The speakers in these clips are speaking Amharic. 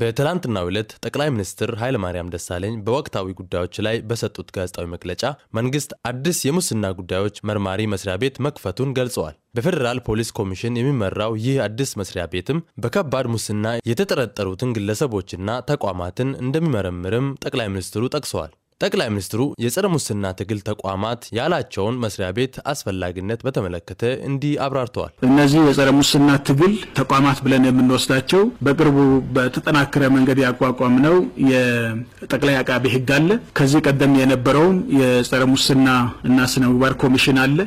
በትላንትናው ዕለት ጠቅላይ ሚኒስትር ኃይለማርያም ደሳለኝ በወቅታዊ ጉዳዮች ላይ በሰጡት ጋዜጣዊ መግለጫ መንግስት አዲስ የሙስና ጉዳዮች መርማሪ መስሪያ ቤት መክፈቱን ገልጸዋል። በፌዴራል ፖሊስ ኮሚሽን የሚመራው ይህ አዲስ መስሪያ ቤትም በከባድ ሙስና የተጠረጠሩትን ግለሰቦችና ተቋማትን እንደሚመረምርም ጠቅላይ ሚኒስትሩ ጠቅሰዋል። ጠቅላይ ሚኒስትሩ የጸረ ሙስና ትግል ተቋማት ያላቸውን መስሪያ ቤት አስፈላጊነት በተመለከተ እንዲህ አብራርተዋል። እነዚህ የጸረ ሙስና ትግል ተቋማት ብለን የምንወስዳቸው በቅርቡ በተጠናከረ መንገድ ያቋቋምነው የጠቅላይ አቃቤ ሕግ አለ። ከዚህ ቀደም የነበረውን የጸረ ሙስና እና ስነ ምግባር ኮሚሽን አለ።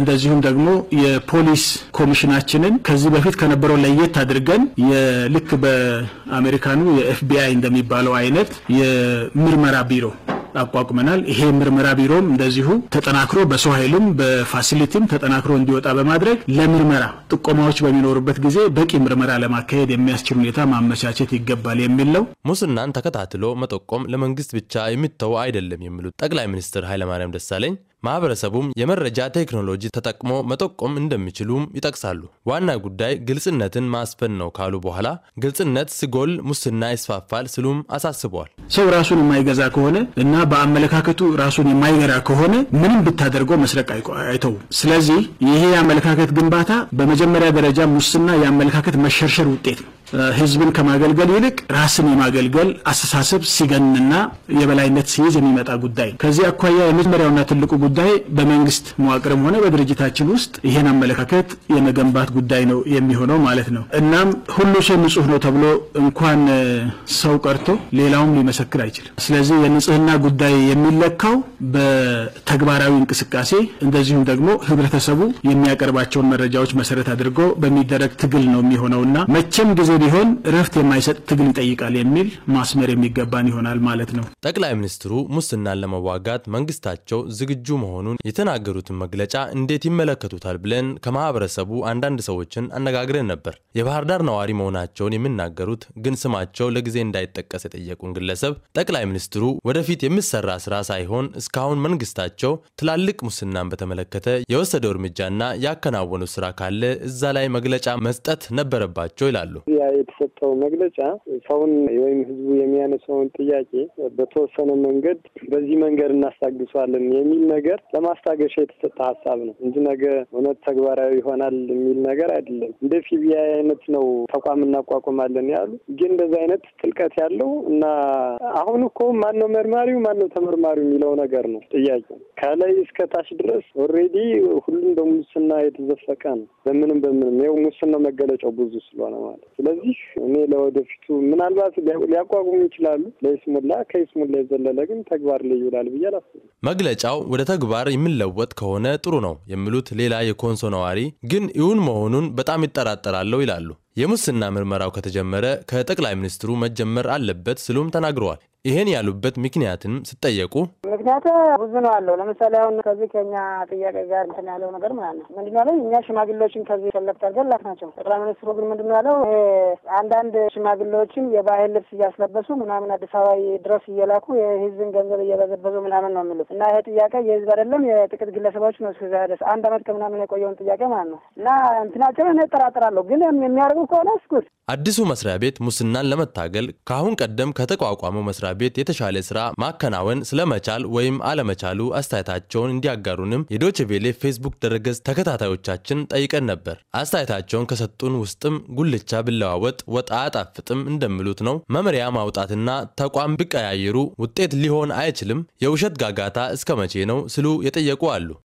እንደዚሁም ደግሞ የፖሊስ ኮሚሽናችንን ከዚህ በፊት ከነበረው ለየት አድርገን ልክ በአሜሪካኑ የኤፍቢአይ እንደሚባለው አይነት የምርመራ ቢሮ አቋቁመናል። ይሄ ምርመራ ቢሮም እንደዚሁ ተጠናክሮ በሰው ኃይልም በፋሲሊቲም ተጠናክሮ እንዲወጣ በማድረግ ለምርመራ ጥቆማዎች በሚኖሩበት ጊዜ በቂ ምርመራ ለማካሄድ የሚያስችል ሁኔታ ማመቻቸት ይገባል የሚል ነው። ሙስናን ተከታትሎ መጠቆም ለመንግስት ብቻ የሚተው አይደለም የሚሉት ጠቅላይ ሚኒስትር ኃይለማርያም ደሳለኝ ማህበረሰቡም የመረጃ ቴክኖሎጂ ተጠቅሞ መጠቆም እንደሚችሉም ይጠቅሳሉ። ዋና ጉዳይ ግልጽነትን ማስፈን ነው ካሉ በኋላ ግልጽነት ስጎል ሙስና ይስፋፋል ሲሉም አሳስበዋል። ሰው ራሱን የማይገዛ ከሆነ እና በአመለካከቱ ራሱን የማይገራ ከሆነ ምንም ብታደርገው መስረቅ አይተውም። ስለዚህ ይሄ የአመለካከት ግንባታ በመጀመሪያ ደረጃ ሙስና የአመለካከት መሸርሸር ውጤት ነው። ህዝብን ከማገልገል ይልቅ ራስን የማገልገል አስተሳሰብ ሲገንና የበላይነት ሲይዝ የሚመጣ ጉዳይ ከዚህ አኳያ የመጀመሪያውና ትልቁ ጉዳይ በመንግስት መዋቅርም ሆነ በድርጅታችን ውስጥ ይሄን አመለካከት የመገንባት ጉዳይ ነው የሚሆነው ማለት ነው። እናም ሁሉ ሰው ንጹህ ነው ተብሎ እንኳን ሰው ቀርቶ ሌላውም ሊመሰክር አይችልም። ስለዚህ የንጽህና ጉዳይ የሚለካው በተግባራዊ እንቅስቃሴ እንደዚሁም ደግሞ ህብረተሰቡ የሚያቀርባቸውን መረጃዎች መሰረት አድርጎ በሚደረግ ትግል ነው የሚሆነውና መቼም ጊዜ ቢሆን እረፍት የማይሰጥ ትግል ይጠይቃል የሚል ማስመር የሚገባን ይሆናል ማለት ነው። ጠቅላይ ሚኒስትሩ ሙስናን ለመዋጋት መንግስታቸው ዝግጁ መሆኑን የተናገሩትን መግለጫ እንዴት ይመለከቱታል ብለን ከማህበረሰቡ አንዳንድ ሰዎችን አነጋግረን ነበር። የባህር ዳር ነዋሪ መሆናቸውን የሚናገሩት ግን ስማቸው ለጊዜ እንዳይጠቀስ የጠየቁን ግለሰብ ጠቅላይ ሚኒስትሩ ወደፊት የሚሰራ ስራ ሳይሆን እስካሁን መንግስታቸው ትላልቅ ሙስናን በተመለከተ የወሰደው እርምጃና ያከናወኑ ስራ ካለ እዛ ላይ መግለጫ መስጠት ነበረባቸው ይላሉ። ሚዲያ የተሰጠው መግለጫ ሰውን ወይም ህዝቡ የሚያነሳውን ጥያቄ በተወሰነ መንገድ በዚህ መንገድ እናስታግሷለን የሚል ነገር ለማስታገሻ የተሰጠ ሀሳብ ነው እንጂ ነገ እውነት ተግባራዊ ይሆናል የሚል ነገር አይደለም። እንደ ፊቢያ አይነት ነው ተቋም እናቋቁማለን ያሉ ግን እንደዚህ አይነት ጥልቀት ያለው እና አሁን እኮ ማነው መርማሪው ማነው ተመርማሪው የሚለው ነገር ነው ጥያቄ ከላይ እስከ ታች ድረስ ኦሬዲ ሁሉም በሙስና የተዘፈቀ ነው። በምንም በምንም ይኸው ሙስና መገለጫው ብዙ ስለሆነ ማለት ስለዚህ እኔ ለወደፊቱ ምናልባት ሊያቋቁሙ ይችላሉ ለይስሙላ ከይስሙላ የዘለለ ግን ተግባር ላይ ይውላል ብዬ አላስብም። መግለጫው ወደ ተግባር የሚለወጥ ከሆነ ጥሩ ነው የሚሉት ሌላ የኮንሶ ነዋሪ ግን ይሁን መሆኑን በጣም ይጠራጠራለሁ ይላሉ። የሙስና ምርመራው ከተጀመረ ከጠቅላይ ሚኒስትሩ መጀመር አለበት ስሉም ተናግረዋል። ይሄን ያሉበት ምክንያትም ስጠየቁ ምክንያት ብዙ ነው አለው። ለምሳሌ አሁን ከዚህ ከኛ ጥያቄ ጋር እንትን ያለው ነገር ማለት ነው ምንድን ያለው እኛ ሽማግሌዎችን ከዚህ ሸለብት አድርገን ላክናቸው። ጠቅላይ ሚኒስትሩ ግን ምንድን ያለው አንዳንድ ሽማግሌዎችን የባህል ልብስ እያስለበሱ ምናምን አዲስ አበባ ድረስ እየላኩ የህዝብን ገንዘብ እየበዘበዙ ምናምን ነው የሚሉት እና ይሄ ጥያቄ የህዝብ አይደለም የጥቂት ግለሰቦች ነው። እስከዛ ድረስ አንድ አመት ከምናምን የቆየውን ጥያቄ ማለት ነው እና እንትናቸው እኔ እጠራጠራለሁ። ግን የሚያደርጉ ከሆነ እስኩት አዲሱ መስሪያ ቤት ሙስናን ለመታገል ከአሁን ቀደም ከተቋቋመው መስሪያ ቤት የተሻለ ስራ ማከናወን ስለመቻል ወይም አለመቻሉ አስተያየታቸውን እንዲያጋሩንም የዶችቬሌ ፌስቡክ ድረገጽ ተከታታዮቻችን ጠይቀን ነበር። አስተያየታቸውን ከሰጡን ውስጥም ጉልቻ ብለዋወጥ ወጥ አያጣፍጥም እንደሚሉት ነው። መመሪያ ማውጣትና ተቋም ቢቀያየሩ ውጤት ሊሆን አይችልም። የውሸት ጋጋታ እስከ መቼ ነው ስሉ የጠየቁ አሉ።